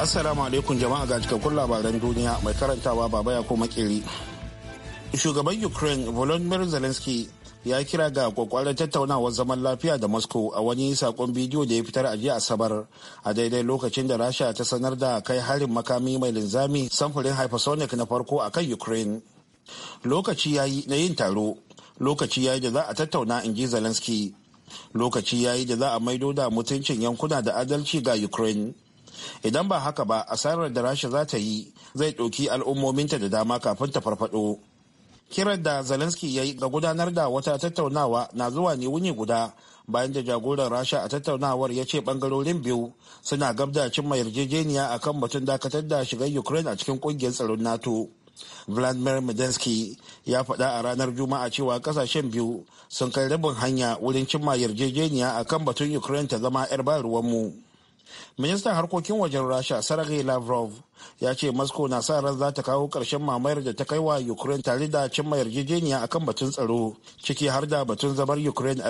Assalamu alaikum jama'a ga cikakkun labaran duniya mai karantawa baba ya koma kiri. Shugaban Ukraine Volodymyr Zelensky ya kira ga kwakwalar tattaunawar zaman lafiya da Moscow a wani sakon bidiyo da ya fitar a jiya Asabar a daidai lokacin da Rasha ta sanar da kai harin makami mai linzami samfurin hypersonic na farko a kan Ukraine. Lokaci ya yi na yin taro, lokaci ya yi da za a tattauna in ji Zelensky. Lokaci ya yi da za a maido da mutuncin yankuna da adalci ga Ukraine. idan ba haka ba asarar da rasha za ta yi zai ɗauki al'ummominta da dama kafin ta farfado kiran da zelensky ya yi ga gudanar da wata tattaunawa na zuwa ne wuni guda bayan da jagoran rasha a tattaunawar ya ce bangarorin biyu suna gabda cimma yarjejeniya a kan batun dakatar da shigar ukraine a cikin kungiyar tsaron nato vladimir medinsky ya faɗa a ranar juma'a cewa kasashen biyu sun kai rabin hanya wurin cimma yarjejeniya a kan batun ukraine ta zama 'yar ba ruwanmu. mu ministan harkokin wajen rasha sergei lavrov ya ce moscow na sa ran za ta kawo ƙarshen mamayar da ta kai wa ukraine tare da cimma yarjejeniya a kan batun tsaro ciki har da batun zamar ukraine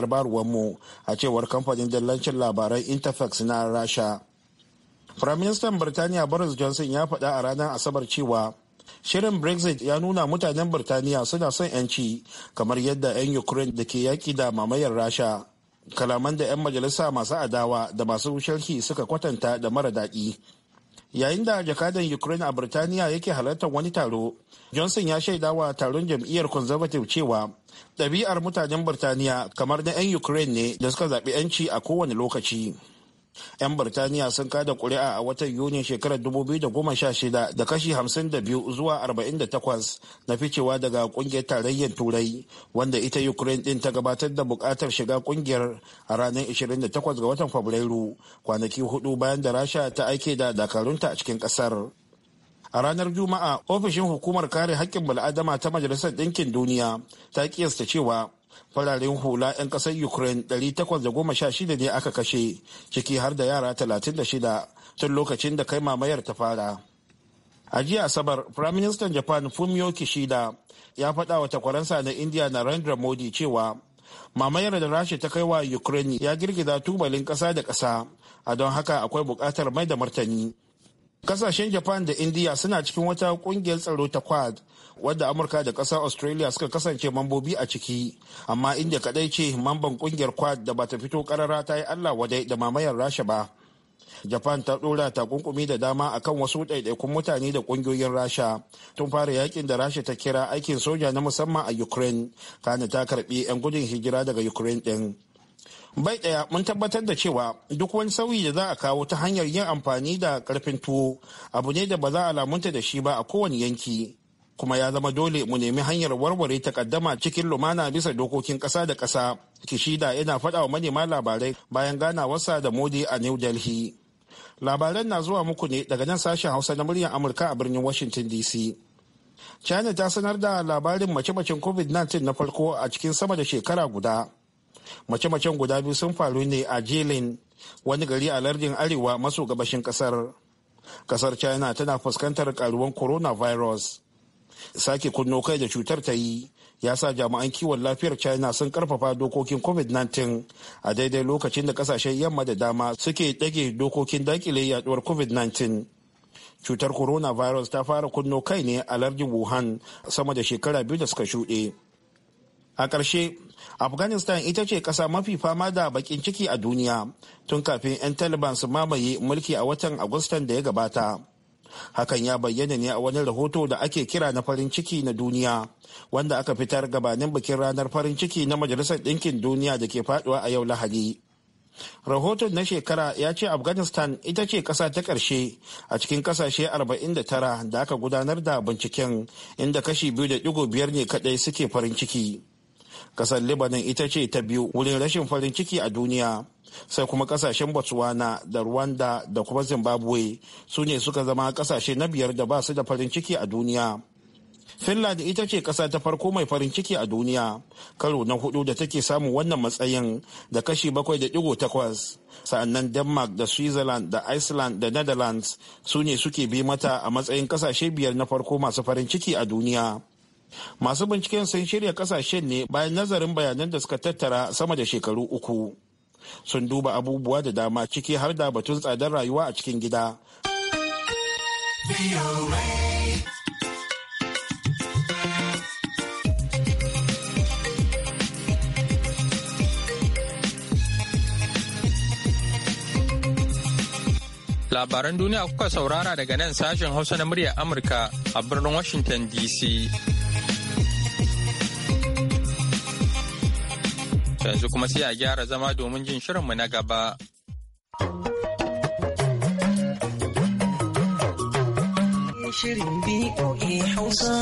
mu a cewar kamfanin dallancin labaran interfax na rasha firaministan birtaniya boris johnson ya faɗa a ranar asabar cewa shirin brexit ya nuna mutanen birtaniya suna son 'yanci kamar yadda 'yan ukraine da ke yaƙi da mamayar rasha kalaman da 'yan majalisa masu adawa da masu sharhi suka kwatanta da mara daɗi yayin da jakadan ukraine a birtaniya yake halartar wani taro johnson ya shaidawa taron jam'iyyar conservative cewa ɗabi'ar mutanen birtaniya kamar na 'yan ukraine ne da suka zaɓi 'yanci a kowane lokaci 'yan birtaniya sun kada kuri'a a watan yuni shekarar 2016 da kashi 52 zuwa 48 na ficewa daga kungiyar tarayyar turai wanda ita ukraine din ta gabatar da bukatar shiga kungiyar a ranar 28 ga watan fabrairu kwanaki hudu bayan da rasha ta aike da dakarunta a cikin kasar a ranar juma'a ofishin hukumar kare haƙƙin bal'adama ta majalisar ɗinkin duniya ta ƙiyasta cewa fararen hula 'yan ƙasar ukraine shida ne aka kashe ciki har da yara talatin da shida tun lokacin da kai mamayar ta fara a jiya asabar firaministan japan fumio kishida ya faɗa wa takwaransa na india narendra modi cewa mamayar da rasha ta kai wa ukraine ya girgiza tubalin ƙasa da ƙasa a don haka akwai buƙatar mai da martani Kasashen Japan da India suna cikin wata kungiyar tsaro ta Quad wadda Amurka da ƙasa Australia suka kasance mambobi a ciki, amma inda kadai ce mamban kungiyar Quad da bata fito karara ta yi Allah wadai da mamayar Rasha ba. Japan ta ɗora takunkumi da dama akan wasu ɗaiɗaikun mutane da ƙungiyoyin Rasha tun fara yakin da Rasha ta kira aikin soja na musamman a Ukraine, kana ta karɓi 'yan gudun hijira daga Ukraine ɗin. bai daya mun tabbatar da cewa duk wani sauyi da za a kawo ta hanyar yin amfani da karfin tuwo abu ne da ba za a lamunta da shi ba a kowane yanki kuma ya zama dole mu nemi hanyar warware takaddama cikin lumana bisa dokokin ƙasa da ƙasa kishida yana faɗa wa manema labarai bayan ganawarsa da modi a new delhi labaran na zuwa muku ne daga nan sashen hausa na muryar amurka a birnin washington dc china ta sanar da labarin mace-macen covid-19 na farko a cikin sama da shekara guda mace-macen guda biyu sun faru ne a jilin wani gari a lardin arewa maso gabashin kasar kasar china tana fuskantar karuwan coronavirus sake kunno kai da cutar ta yi ya sa jami'an kiwon lafiyar china sun karfafa dokokin covid-19 a daidai lokacin da kasashen yamma da dama suke ɗage dokokin dakile yaduwar covid-19 cutar coronavirus ta fara kunno kai ne a lardin wuhan sama da shekara biyu da suka shuɗe a ƙarshe afghanistan ita ce ƙasa mafi fama da bakin ciki a duniya tun kafin 'yan taliban su mamaye mulki a watan agustan da ya gabata hakan ya bayyana ne a wani rahoto da ake kira na farin ciki na duniya wanda aka fitar gabanin bikin ranar farin ciki na majalisar ɗinkin duniya da ke faduwa a yau lahadi rahoton na shekara ya ce afghanistan ita ce kasa ta ƙarshe a cikin ƙasashe 49 da aka gudanar da binciken inda kashi biyu digo biyar ne kadai suke farin ciki kasar lebanon ita ce ta biyu wurin rashin farin ciki a duniya sai kuma kasashen botswana da rwanda da kuma zimbabwe su ne suka zama kasashe na biyar da ba su da farin ciki a duniya finland ita ce kasa ta farko mai farin ciki a duniya karo na hudu da take samun wannan matsayin da kashi bakwai da digo takwas sa'annan denmark da switzerland da iceland da netherlands su ne suke bi mata a matsayin kasashe biyar na farko masu farin ciki a duniya masu binciken sun shirya kasashen ne bayan nazarin bayanan da suka tattara sama da shekaru uku sun duba abubuwa da dama ciki har da batun tsadar rayuwa a cikin gida Labaran duniya kuka saurara daga nan sashen Hausa na muryar Amurka a birnin Washington DC. yanzu kuma sai a gyara zama domin jin shirinmu na gaba. Shirin BOA Hausa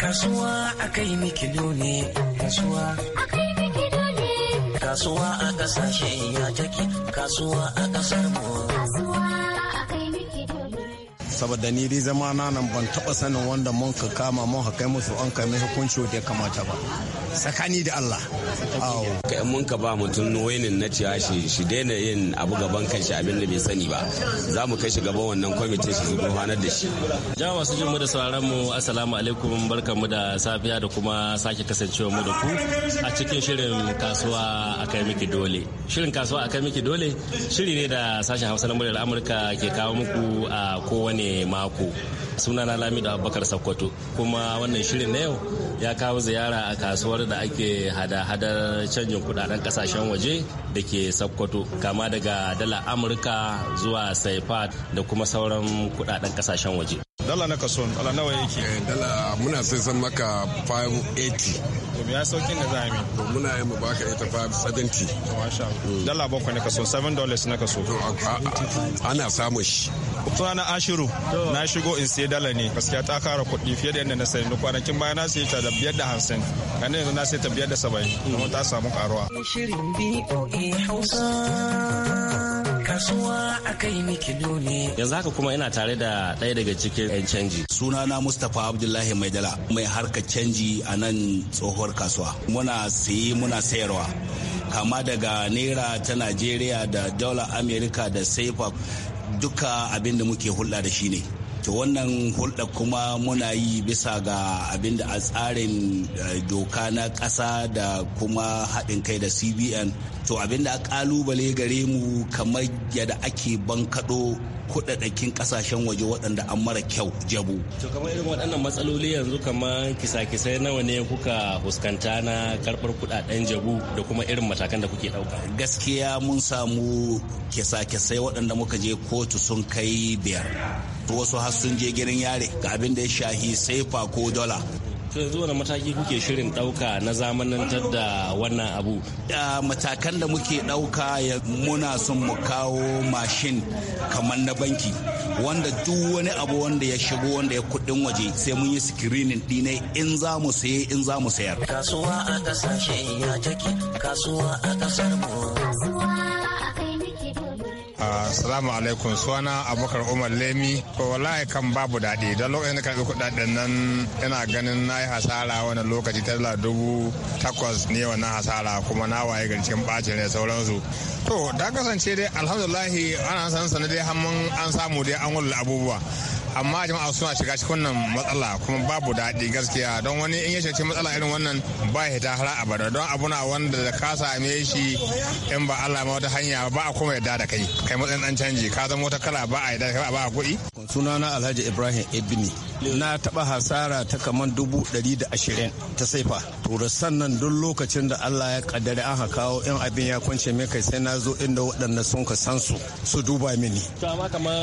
Kasuwa a kai mikido ne Kasuwa a kai mikido ne Kasuwa a kasashe ya take Kasuwa a kasar mu saboda ni dai zama na nan ban taba sanin wanda mun ka kama mun ka kai musu an kai mai hukunci da ya kamata ba tsakani da Allah kai mun ka ba mutum wainin na ciya shi shi daina yin abu gaban kanshi abin da bai sani ba za mu kai shi gaban wannan kwamitin shi su hanar da shi ja masu jin mu da sauraron mu assalamu alaikum barkamu da safiya da kuma sake kasancewa mu da ku a cikin shirin kasuwa akai miki dole shirin kasuwa akai miki dole shiri ne da sashen Hausa na muryar Amurka ke kawo muku a kowane kowane mako sunana lamido abubakar sakkwato kuma wannan shirin na yau ya kawo ziyara a kasuwar da ake hada-hadar canjin kudaden kasashen waje da ke sakkwato kama daga dala amurka zuwa saifat da kuma sauran kudaden kasashen waje dala na kaso dala nawa yake dala muna sai san maka 580 to ya saukin da za a yi to muna yi mu baka ita 570 masha dala bakwai na kaso 7 dollars na kaso ana samun shi sunana ashiru na shigo in sai dala ne gaskiya ta kara kuɗi fiye da yadda na sayi kwanakin baya na sayi ta da biyar da hamsin kan yanzu na sayi ta biyar da saba'in kuma ta samu karuwa. kasuwa ne. Yanzu haka kuma ina tare da ɗaya daga cikin 'yan canji. Sunana Mustapha Abdullahi Maidala mai harka canji a nan tsohuwar kasuwa. Muna sayi muna sayarwa. Kama daga Naira ta nigeria da dola Amerika da Saifa duka abin da muke hulɗa da shi ne. to wannan hulɗa kuma muna yi bisa ga abin da a tsarin eh, doka na ƙasa da kuma haɗin kai da cbn to abin da a ƙalubale gare mu kamar yadda ake bankaɗo kudaddakin kasashen waje waɗanda an mara kyau jabu. To kamar irin waɗannan matsaloli yanzu kamar kisa-kisai nawa ne kuka fuskanta na karɓar kudaden jabu da kuma irin matakan da kuke ɗauka? Gaskiya mun samu kisa-kisai waɗanda muka je kotu sun kai biyar. wasu har sun je gidan yare ga abin da ya shahi saifa ko dola to yanzu wani mataki kuke shirin ɗauka na zamanantar da wannan abu matakan da muke ɗauka muna son mu kawo mashin kamar na banki wanda duk wani abu wanda ya shigo wanda ya kudin waje sai mun yi screening ɗine in za mu saye in za mu sayar kasuwa a kasashe ya take kasuwa a kasar mu Assalamu alaikum suna Abubakar Umar Lemi. ko wallahi kan babu daɗi don lokacin da karɓi kuɗaɗen nan ina ganin na yi hasara wani lokaci tala dubu takwas ne wannan hasara kuma na waye gari cikin ɓacin da sauransu. To da kasance dai alhamdulillahi ana san har hamman an samu dai an wula abubuwa. amma jama'a suna shiga cikin wannan matsala kuma babu daɗi gaskiya don wani in ya shiga matsala irin wannan ba ya ta har abada don na wanda da ka same shi in ba Allah ma wata hanya ba a kuma yadda da kai kai matsayin dan canji ka zama wata kala ba a yadda da kai ba a kuɗi sunana Alhaji Ibrahim ibini na taɓa hasara ta kamar dubu ɗari da ashirin ta saifa to sannan duk lokacin da allah ya kaddari an kawo in abin ya kwance mai kai sai na zo inda waɗanda sun ka san su su duba mini to amma kamar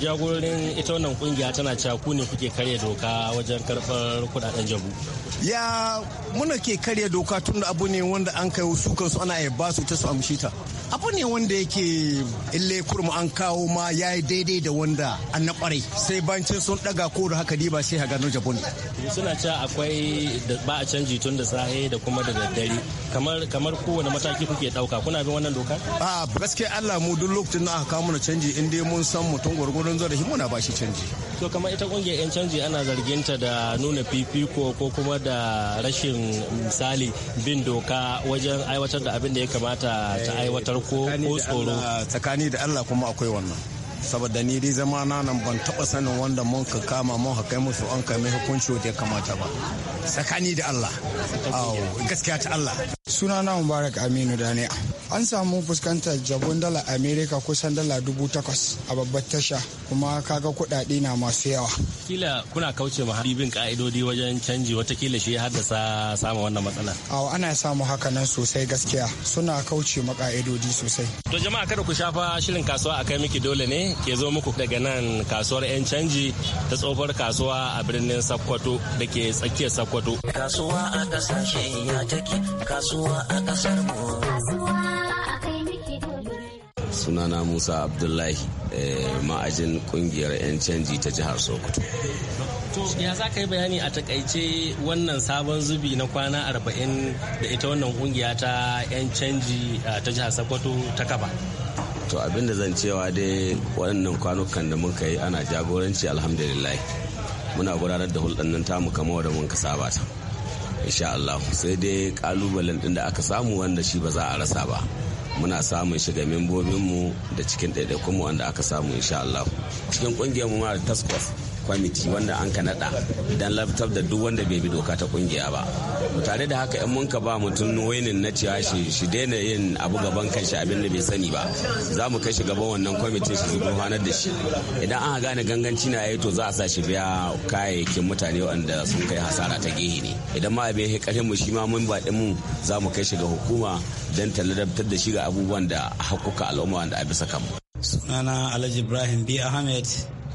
jagororin ita wannan kungiya tana caku ne kuke karya doka wajen karɓar kuɗaɗen jabu ya muna ke karya doka tun da abu ne wanda an kai su kansu ana ya ba su ta su amshi ta abu ne wanda yake ille kurma an kawo ma ya yi daidai da wanda an na kwarai sai bancin sun ɗaga ko da haka diba sai ha gano japan suna cewa akwai ba a canji tun da sahe da kuma da daddare kamar kamar kowane mataki kuke dauka kuna bin wannan doka a gaskiya Allah mu duk lokacin da aka kawo mana canji in dai mun san mutum zo da muna ba shi canji to kamar ita kungiyar yan canji ana zarginta da nuna fifiko ko kuma da rashin misali bin doka wajen aiwatar da abin da ya kamata ta aiwatar ko tsoro tsakani da Allah kuma akwai wannan saboda ni dai zama na nan ban taba sanin wanda mun ka kama mun haka musu an kai mai hukunci wanda ya kamata ba tsakani da Allah awo gaskiya ta Allah suna na Mubarak Aminu Daniya an samu fuskantar jabon dala Amerika kusan dala dubu takwas a babbar tasha kuma kaga kuɗaɗe na masu yawa kila kuna kauce ma bin ka'idodi wajen canji watakila shi ya haddasa samun wannan matsala awo ana samu haka nan sosai gaskiya suna kauce ma ka'idodi sosai to jama'a kada ku shafa shirin kasuwa a kai miki dole ne ke zo muku daga nan kasuwar 'yan canji ta tsofar kasuwa a birnin Sakkwato da ke tsakiyar Sakkwato. Kasuwa a kasar ya take kasuwa a kasar mu. sunana musa abdullahi eh, ma'ajin kungiyar 'yan canji ta jihar sokoto to ya za ka yi bayani a takaice wannan sabon zubi na kwana 40 da ita wannan kungiya ta 'yan canji eh, ta jihar sokoto ta kaba to abin da zan cewa dai waɗannan kwanukan da muka yi ana jagoranci alhamdulillah muna gudanar da hulɗan nan tamu kamar da mun ka saba ta insha Allah sai dai kalubalen din da aka samu wanda shi ba za a rasa ba muna samun shiga membobinmu da cikin ɗaiɗaikunmu wanda aka samu insha Allah cikin ƙungiyar mu ma da task kwamiti wanda an ka nada don laptop da duk wanda bai bi doka ta kungiya ba tare da haka yan mun ka ba mutum wainin na cewa shi daina yin abu gaban kanshi abin da bai sani ba za mu kai shi gaban wannan kwamitin su zuwa hanar da shi idan an gane ganganci na yayi to za a sa shi biya kayayyakin mutane wanda sun kai hasara ta gehe ne idan ma abin ya karfin mu shi ma mun ba mu za mu kai shi ga hukuma don ladabtar da shi ga abubuwan da hakuka al'umma wanda a bisa kanmu sunana alhaji ibrahim bi ahmed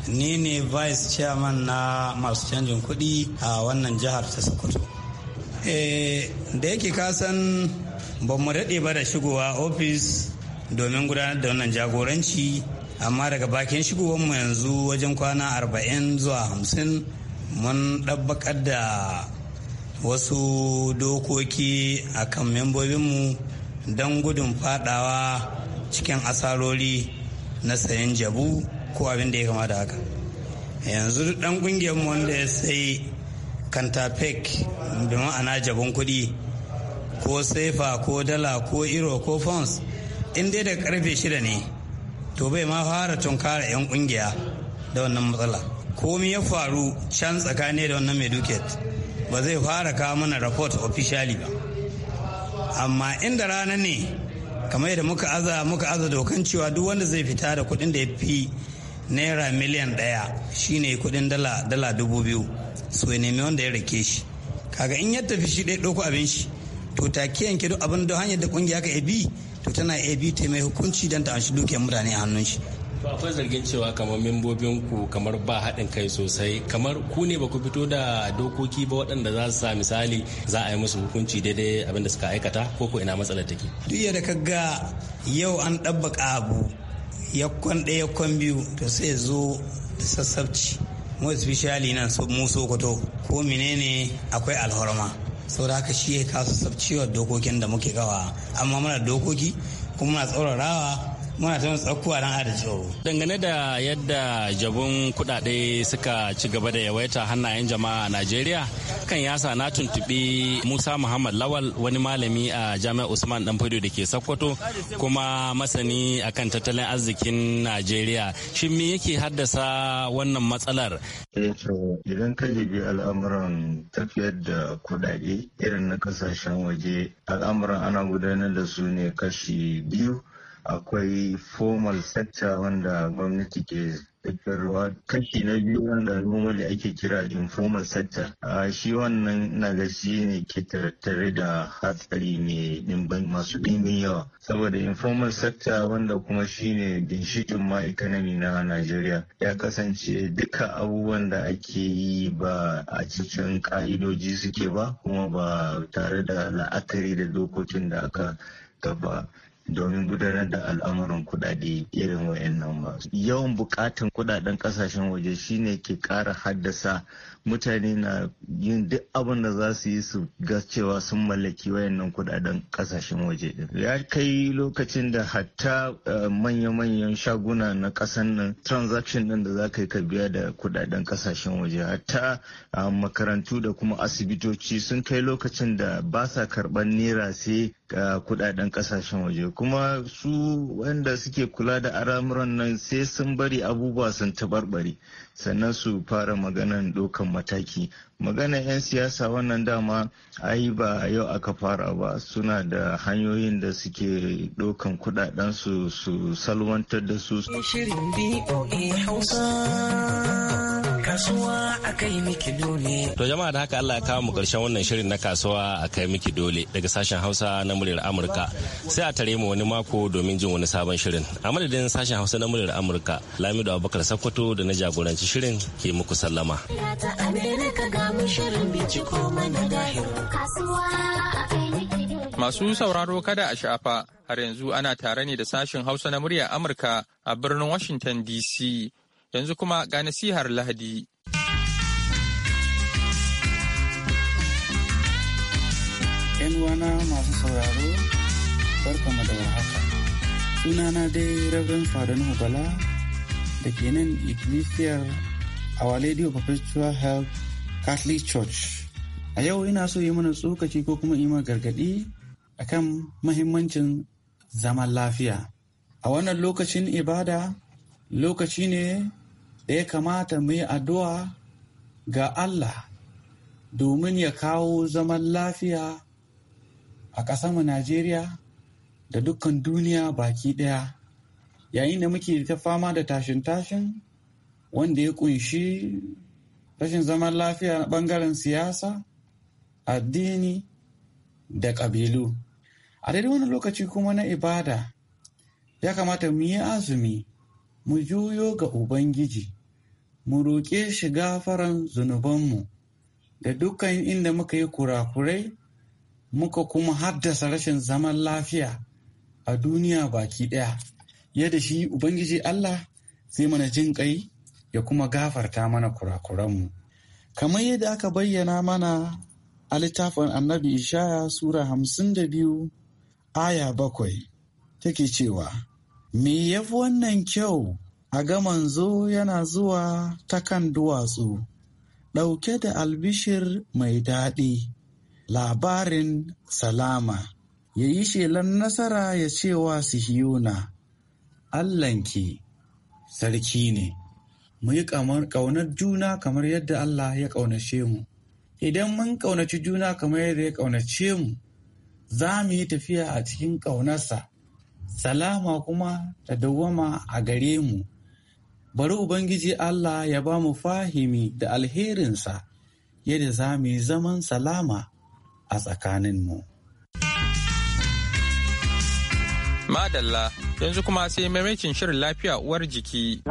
ni ne vice chairman na masu canjin kuɗi a wannan jihar ta sokoto eh, da yake kasan ba mu daɗe ba da shigowa ofis domin gudanar da wannan jagoranci amma daga bakin mu yanzu wajen kwana 40 zuwa 50 mun ɗabbakar da wasu dokoki a kan membobinmu don gudun fadawa cikin asarori na sayan jabu ko abin da ya kama da haka yanzu dan kungiyar mu wanda ya sai kantapek da ma'ana jabon kuɗi ko saifa ko dala ko iro ko fons in dai da karfe shida ne to bai ma fara tunkara 'yan kungiya da wannan matsala komi ya faru can tsakani da wannan mai ba zai fara kawo mana report officially ba amma inda rana ne kamar yadda muka aza muka aza dokan cewa duk wanda zai fita da kuɗin da ya fi naira miliyan ɗaya shine kuɗin dala dala dubu biyu su nemi wanda ya rake shi kaga in ya tafi shi ɗaya ɗauko abin shi to ta yanke kido abin da hanyar da kungiya ka ebi to tana ebi ta mai hukunci don ta amshi dukiyar mutane a hannun shi to akwai zargin cewa kamar membobin ku kamar ba haɗin kai sosai kamar ku ne ba ku fito da dokoki ba waɗanda za su sa misali za a yi musu hukunci daidai abin da suka aikata ko ko ina matsalar take duk yadda ka ga yau an ɗabbaka abu yakkon ɗaya yakkon biyu to sai zo da sassabci mai especially nan mu sokoto ko menene akwai alhorma saboda haka shi ya kasu sabciwar dokokin da muke gawa amma muna dokoki kuma muna tsaurarawa muna son tsakuwa nan da tsoro. Dangane da yadda jabun kuɗaɗe suka ci gaba da yawaita hannayen jama'a a Najeriya, kan yasa na tuntuɓi Musa Muhammad Lawal wani malami a Jami'ar Usman Danfodio da ke Sokoto kuma masani akan tattalin arzikin Najeriya. Shi me yake haddasa wannan matsalar? Eh, idan ka jibi al'amuran tafiyar da kuɗaɗe irin na kasashen waje al'amuran ana gudanar da su ne kashi biyu akwai formal sector wanda gwamnati ke fitarwa kashi na biyu wanda da ake kira informal sector a shi wannan na ga shi ne ke tattare da hatsari mai dimbin masu dimbin yawa saboda informal sector wanda kuma shi ne ginshikin ma na Najeriya ya kasance duka abubuwan da ake yi ba a cikin ka'idoji suke ba kuma ba tare da la'akari da dokokin da aka gaba domin gudanar da al'amuran kuɗaɗe irin wayannan ba. Yawan bukatan kuɗaɗen kasashen waje shine ke kara haddasa mutane na yin duk abin da za su yi su ga cewa sun mallaki wayannan kuɗaɗen ƙasashen waje din. Ya kai lokacin da hatta eh, manya-manyan shaguna na ƙasan nan transaction din da za ka yi ka biya da kuɗaɗen kasashen waje hatta eh, makarantu da kuma asibitoci sun kai lokacin da ba sa karɓar naira sai ga kudaden kasashen waje kuma su wanda suke kula da aramuran nan sai sun bari abubuwa sun tabarbare sannan su fara maganan dokan mataki magana 'yan siyasa wannan dama ai ba yau aka fara ba suna da hanyoyin da suke dokan kudaden su su salwantar da su shirin kasuwa a kai miki dole. To jama'a da haka Allah ya kawo mu karshen wannan shirin na kasuwa a kai miki dole daga sashen Hausa na muryar Amurka. Sai a tare mu wani mako domin jin wani sabon shirin. A madadin sashen Hausa na muryar Amurka, Lamido Abubakar Sakkwato da na jagoranci shirin ke muku sallama. Masu sauraro kada a shafa har yanzu ana tare ne da sashen Hausa na muryar Amurka a birnin Washington DC. Yanzu kuma ga nasihar Lahadi. ‘Yan uwana masu sauraro, barkama da warhaka. Sunana dai Reverend Fadon Bala da ke nan Ignisiyar Our Lady of Perpetual Health Catholic Church. A yau ina so yi mana tsokaci ko kuma yi mana gargaɗi kan mahimmancin zaman lafiya. A wannan lokacin ibada lokaci ne da ya kamata mu yi addu'a ga Allah domin ya kawo zaman lafiya a ƙasarmu Najeriya da dukkan duniya baki ɗaya yayin da muke ta fama da tashin-tashin wanda ya kunshi rashin zaman lafiya na ɓangaren siyasa addini da ƙabilu a daidai wani lokaci kuma na ibada ya kamata mu yi azumi mu juyo ga Ubangiji, mu roƙe shi gafaran zunubanmu da dukkan inda muka yi kurakurai, muka kuma haddasa rashin zaman lafiya a duniya baki ɗaya. Yadda shi Ubangiji Allah sai mana jin ƙai ya kuma gafarta mana kurakuranmu. Kamar yadda aka bayyana mana a littafin annabi Ishaya Sura hamsin da biyu aya bakwai take cewa. Me ya fi wannan kyau a gaman zo yana zuwa ta kan duwatsu, ɗauke da albishir mai daɗi, labarin salama, ya yi shelan nasara ya cewa sihiyuna Allahnki, sarki ne, mu yi ƙaunar juna kamar yadda Allah ya ƙaunace mu. Idan mun ƙaunaci juna kamar yadda ya ƙaunace mu, za mu yi tafiya a cikin ƙaunarsa. salama kuma ta dawwama a gare mu. Bari Ubangiji Allah ya ba mu fahimi da alherinsa yadda za mu yi zaman salama a tsakaninmu. Madalla, yanzu kuma sai maimakin shirin lafiya uwar jiki.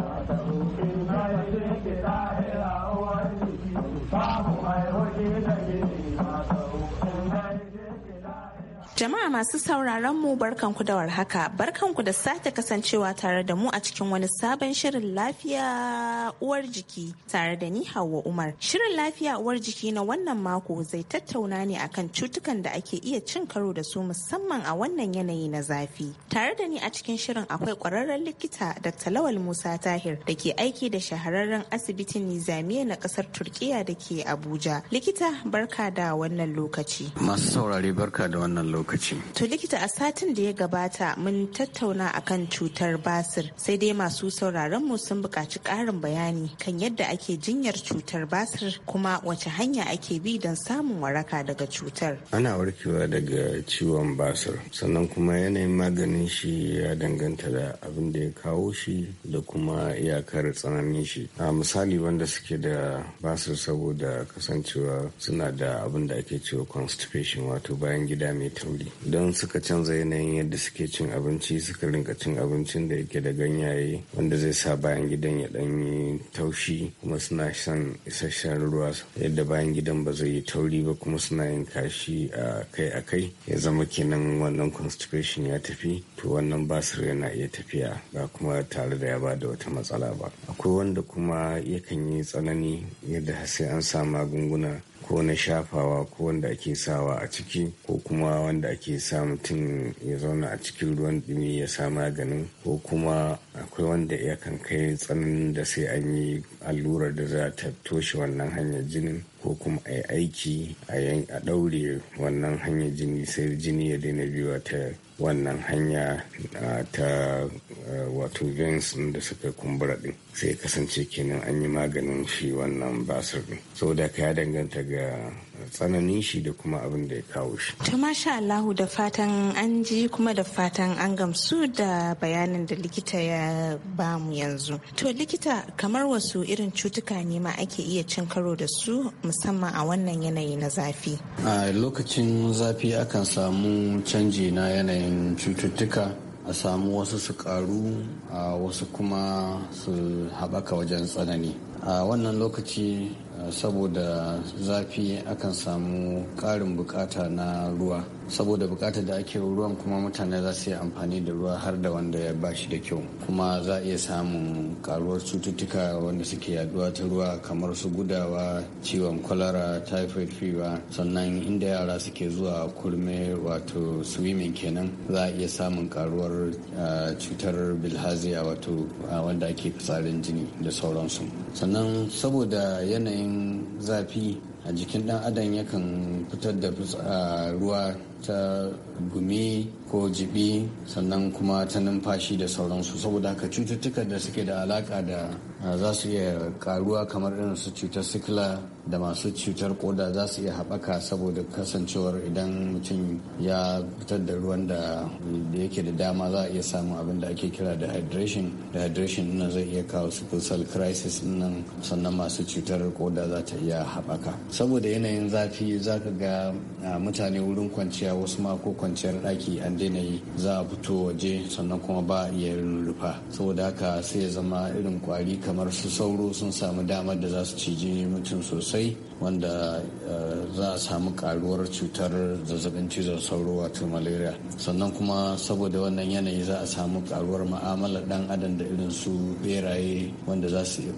Jama'a masu sauraron mu barkanku da warhaka, barkanku da sake kasancewa tare da mu a cikin wani sabon shirin lafiya uwar jiki tare da ni Hauwa Umar. Shirin lafiya uwar jiki na wannan mako zai tattauna ne akan cutukan da ake iya cin karo da su musamman a wannan yanayi na zafi. Tare da ni a cikin shirin akwai kwararren likita Dr. Lawal Musa Tahir da ke aiki da shahararren asibitin Nizamiya na kasar Turkiya da ke Abuja. Likita barka da wannan lokaci. Masu saurare barka da wannan lokaci. lokaci. To likita a satin da ya gabata mun tattauna akan cutar basir sai dai masu sauraron mu sun buƙaci ƙarin bayani kan yadda ake jinyar cutar basir kuma wace hanya ake bi don samun waraka daga cutar. Ana warkewa daga ciwon basir sannan kuma yanayin maganin shi ya danganta da abin da ya kawo shi da kuma iyakar tsananin shi. A misali wanda suke da basir saboda kasancewa suna da abin da ake cewa constipation wato bayan gida mai sauri don suka canza yanayin yadda suke cin abinci suka rinka cin abincin da yake da ganyaye wanda zai sa bayan gidan ya dan yi taushi kuma suna shan isasshen ruwa yadda bayan gidan ba zai yi tauri ba kuma suna yin kashi a kai a kai ya zama kenan wannan constipation ya tafi to wannan basir yana iya tafiya ba kuma tare da ya ba da wata matsala ba akwai wanda kuma yakan yi tsanani yadda sai an sa magunguna ko na shafawa ko wanda ake sawa a ciki ko kuma wanda ake sa mutum ya zauna a cikin ruwan dumi ya sa maganin ko kuma akwai wanda ya kan kai tsananin da sai an yi allurar da za ta toshe wannan hanyar jinin ko kuma a yi aiki a ɗaure wannan hanyar jini sai jini ya daina biyuwa ta wannan hanya ta wato veins da suka kumbura din sai kasance kenan an yi maganin shi wannan basir din saboda ka ya danganta ga tsananin shi da kuma abin da ya kawo shi. To masha Allahu da fatan an ji kuma da fatan an gamsu da bayanin da likita ya bamu yanzu. To likita kamar wasu irin cutuka ne ma ake iya cin karo da su musamman a wannan yanayi na zafi. A lokacin zafi akan samu canji na yanayin cututtuka a samu wasu su karu a wasu kuma su haɓaka wajen tsanani. A wannan lokaci saboda zafi akan samu karin bukata na ruwa saboda bukatar da ake ruwan kuma mutane za su yi amfani da ruwa har da wanda ya ba shi da kyau kuma za a iya samun karuwar cututtuka wanda suke yaduwa ta ruwa kamar su gudawa ciwon kwalara typhoid fever sannan inda yara suke zuwa kurme wato swimming kenan za a iya samun karuwar cutar bilhazia wato wanda ake fitsarin jini da sauransu sannan saboda yanayin zafi a jikin dan adam yakan fitar da ruwa ta gumi ko jibi sannan kuma ta numfashi da sauransu saboda haka cututtukan da suke da alaka da za su iya karuwa kamar irin su cutar sikila da masu cutar koda za su iya haɓaka saboda kasancewar idan mutum ya fitar da ruwan da yake da dama za a iya samun abin da ake kira da hydration da hydration zai iya kawo su kusal crisis nan sannan masu cutar koda za ta iya haɓaka saboda yanayin zafi za ka ga mutane wurin kwanciya wasu ma ko kwanciyar ɗaki an daina yi za a fito waje sannan kuma ba a iya rurrufa saboda haka sai ya zama irin kwari kamar su sauro sun samu damar da za su cije mutum sosai wanda eh, za a samu karuwar cutar zazzabin cizon sauro wato malaria sannan kuma saboda wannan yanayi za a samu karuwar ma'amalar dan adam da irin su beraye wanda za su iya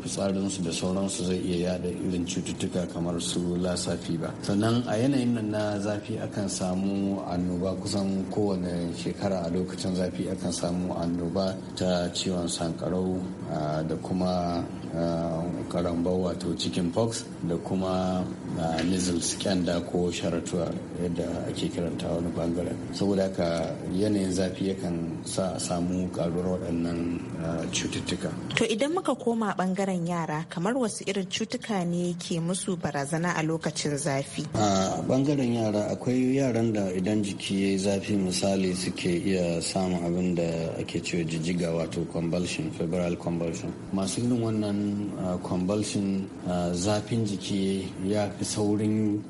su da sauransu zai iya yada irin cututtuka kamar su lasa ba sannan a yanayin nan na zafi akan samu annoba kusan kowane shekara a lokacin zafi akan samu annoba ta ciwon sankarau ah, da kuma Ah, karambau wato chicken pox da kuma ah, measles kyanda ko sharatuwa yadda ake kiranta wani bangaren saboda haka yanayin zafi yakan sa a samu karuwar waɗannan ah, cututtuka to idan muka koma bangaren yara kamar wasu irin cutuka ne ke musu barazana a lokacin zafi a bangaren yara akwai yaran da idan jiki ya zafi misali suke iya samun abin da ake cewa jijiga wato convulsion febrile convulsion masu irin wannan Uh, convulsion uh, zafin jiki ya fi saurin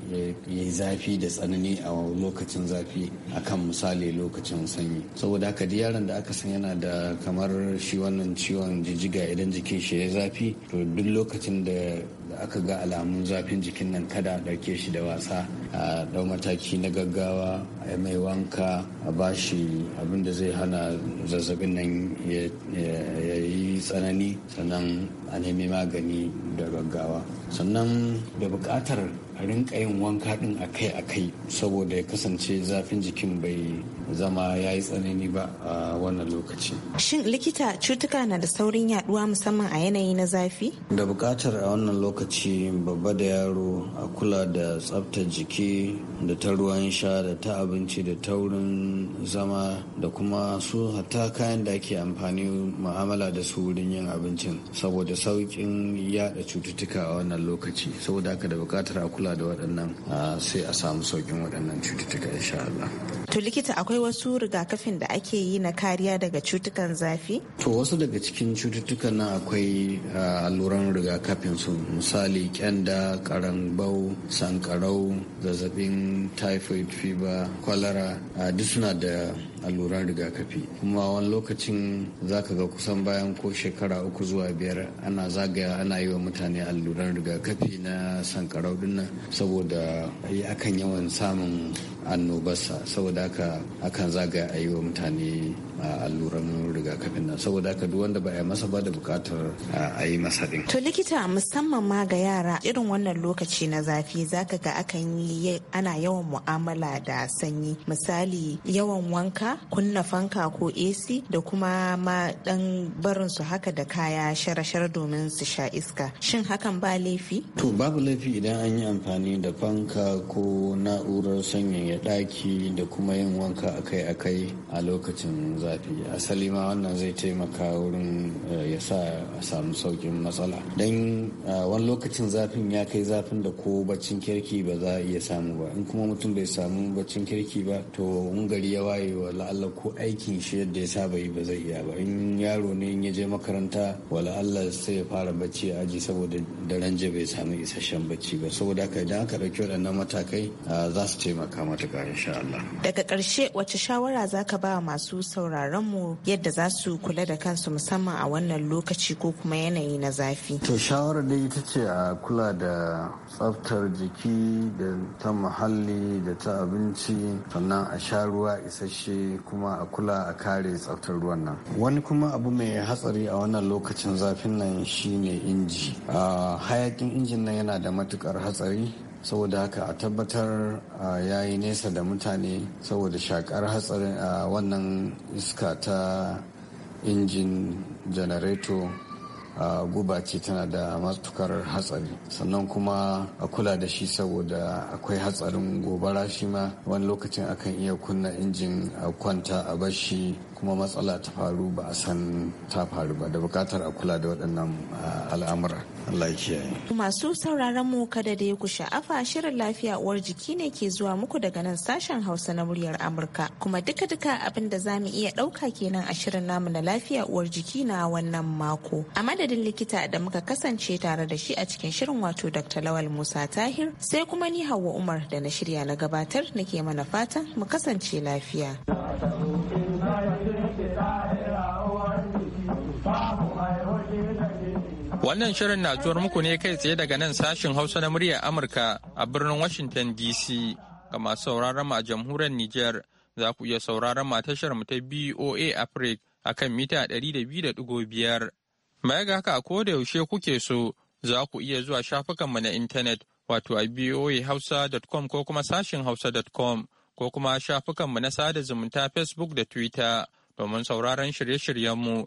ya zafi da tsanani a lokacin zafi akan misali lokacin sanyi saboda haka da yaron da aka san yana da kamar shi wannan ciwon jijiga idan jikin shi ya zafi to duk lokacin da da aka ga alamun zafin jikin nan kada ɗauke shi da wasa a ɗau mataki na gaggawa a mai wanka a bashi abin da zai hana zazzabin nan ya yi tsanani sannan a nemi magani da gaggawa sannan da buƙatar a rinka yin wanka din akai-akai saboda ya kasance zafin jikin bai zama ya yi tsanani ba a wannan lokaci. Shin likita cutuka na da saurin yaduwa musamman a yanayi na zafi? Da bukatar a wannan lokaci babba da yaro a kula da tsaftar jiki da ta ruwan sha da ta abinci da taurin zama da kuma su hatta kayan da ake amfani mu'amala da su wurin yin abincin saboda saukin yada cututtuka a wannan lokaci saboda haka da bukatar a kula kula da waɗannan sai a samu saukin waɗannan cututtuka insha Allah. To likita akwai wasu rigakafin da ake yi na kariya daga cutukan zafi? To wasu daga cikin cututtukan na akwai alluran rigakafin su misali kyanda, karambau, sankarau, zazzabin typhoid fever, cholera duk suna da alluran rigakafi kuma wani lokacin za ka ga kusan bayan ko shekara uku zuwa biyar ana zagaya ana yi wa mutane alluran rigakafi na sankarau dinnan saboda akan yawan samun annobarsa saboda haka akan zagaya a yi wa mutane alluran rigakafin nan saboda haka duk wanda ba a masa ba da bukatar a yi masa din. To likita musamman ma ga yara irin wannan lokaci na zafi zaka ga akan yi ana yawan mu'amala da sanyi misali yawan wanka kunna fanka ko AC da kuma ma dan barin su haka da kaya shara shar domin su sha iska shin hakan ba laifi? To babu laifi idan an yi amfani da fanka ko na'urar sanyaya ɗaki da kuma yin wanka akai-akai a lokacin zafi asali ma wannan zai taimaka wurin eh, ya sa a samu saukin matsala don eh, wani lokacin zafin ya kai zafin da ko baccin kirki ba za a iya samu ba in kuma mutum bai samu baccin kirki ba to in gari ya waye wala la'alla ko aikin shi yadda ya saba yi ba zai iya ba in yaro ne in ya je makaranta wala allah sai ya fara bacci a aji saboda daren je bai samu isasshen bacci ba saboda haka idan aka ɗauki waɗannan matakai eh, za su taimaka matuƙa insha Allah daga ƙarshe wace shawara zaka ba masu sauraro sauraron mu yadda za su kula da kansu musamman a wannan lokaci ko kuma yanayi na zafi. To shawarar da ita ce a kula da tsaftar jiki da ta muhalli da ta abinci sannan a sha ruwa isasshe kuma a kula a kare tsaftar ruwan nan. Wani kuma abu mai hatsari a wannan lokacin zafin nan shine inji. Ah, hayakin injin nan yana da matukar hatsari saboda haka a tabbatar ya yi nesa da mutane saboda shakar hatsarin a wannan iska ta injin janareto a guba ce tana da matukar hatsari sannan kuma a kula da shi saboda akwai hatsarin gobara shi ma wani lokacin akan iya kunna injin a kwanta a bashi kuma matsala ta faru ba a san ta faru ba da bukatar a kula da waɗannan al'amura Allah ya Masu sauraron mu kada da ya ku sha'afa shirin lafiya uwar jiki ne ke zuwa muku daga nan sashen Hausa na muryar Amurka. Kuma duka-duka abin da za mu iya ɗauka kenan a shirin namu na lafiya uwar jiki na wannan mako. A madadin likita da muka kasance tare da shi a cikin shirin wato Dr. Lawal Musa Tahir sai kuma ni Hauwa Umar da na shirya na gabatar nake mana fatan mu kasance lafiya. Wannan shirin na zuwar muku ne kai tsaye daga nan sashin Hausa na muryar Amurka a birnin Washington DC. Ga masu sauraron mu a jamhuriyar Nijar za ku iya sauraron mu a tashar mu ta BOA Africa a kan mita 200.5. Baya ga haka ko da yaushe kuke so za ku iya zuwa shafukanmu na intanet wato a boahausa.com ko kuma sashin hausa.com ko kuma shafukanmu na sada zumunta Facebook da Twitter domin sauraron shirye-shiryenmu